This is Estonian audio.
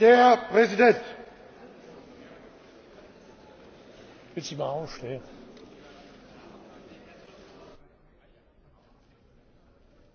Der Präsident! Willst du mal aufstehen?